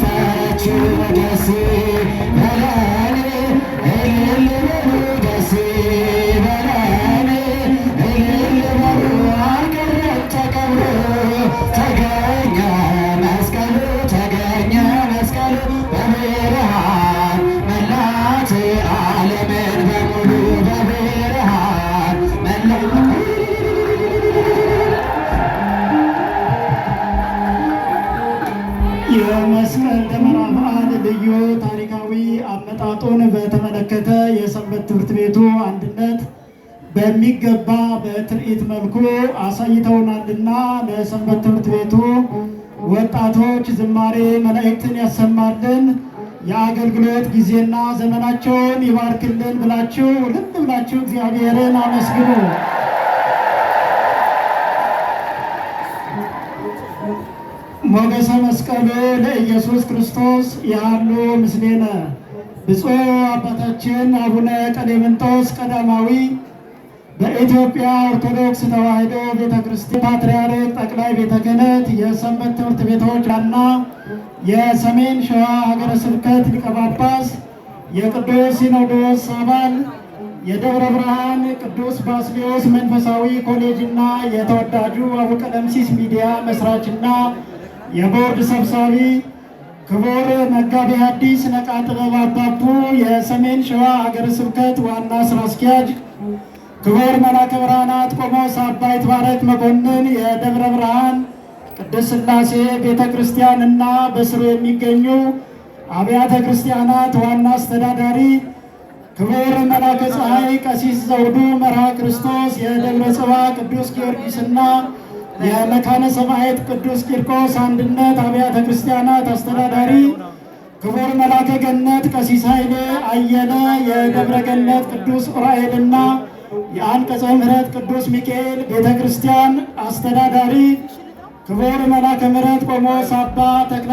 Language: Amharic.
ፈች ደሴ ቁርጥራጡን በተመለከተ የሰንበት ትምህርት ቤቱ አንድነት በሚገባ በትርኢት መልኩ አሳይተውናልና ለሰንበት ትምህርት ቤቱ ወጣቶች ዝማሬ መላእክትን ያሰማልን፣ የአገልግሎት ጊዜና ዘመናቸውን ይባርክልን ብላችሁ ልብ ብላችሁ እግዚአብሔርን አመስግኑ። ሞገሰ መስቀሉ ለኢየሱስ ክርስቶስ ያሉ ምስሌነ ብፁዕ አባታችን አቡነ ቀሌምንጦስ ቀዳማዊ በኢትዮጵያ ኦርቶዶክስ ተዋሕዶ ቤተ ክርስቲያን ፓትርያርክ ጠቅላይ ቤተ ክህነት የሰንበት ትምህርት ቤቶች እና የሰሜን ሸዋ ሀገረ ስብከት ሊቀ ጳጳስ፣ የቅዱስ ሲኖዶስ አባል፣ የደብረ ብርሃን ቅዱስ ባስልዮስ መንፈሳዊ ኮሌጅና የተወዳጁ አቡቀለምሲስ ሚዲያ መስራችና የቦርድ ሰብሳቢ ክቡር መጋቤ ሐዲስ ነቃ ጥበብ አባቡ የሰሜን ሸዋ ሀገረ ስብከት ዋና ስራ አስኪያጅ፣ ክቡር መላከ ብርሃናት ቆሞስ አባ ይትባረክ መኮንን የደብረ ብርሃን ቅድስት ሥላሴ ቤተ ክርስቲያን እና በስሩ የሚገኙ አብያተ ክርስቲያናት ዋና አስተዳዳሪ፣ ክቡር መላከ ፀሐይ ቀሲስ ዘውዱ መርሃ ክርስቶስ የደብረ ጽባ ቅዱስ ጊዮርጊስና የመካነ ሰማዕት ቅዱስ ቂርቆስ አንድነት አብያተ ክርስቲያናት አስተዳዳሪ ክቡር መላከ ገነት ቀሲስ ኃይሌ አየለ፣ የደብረ ገነት ቅዱስ ዑራኤልና የአንቀጸ ምሕረት ቅዱስ ሚካኤል ቤተ ክርስቲያን አስተዳዳሪ ክቡር መላከ ምሕረት ቆሞስ አባ ተክለ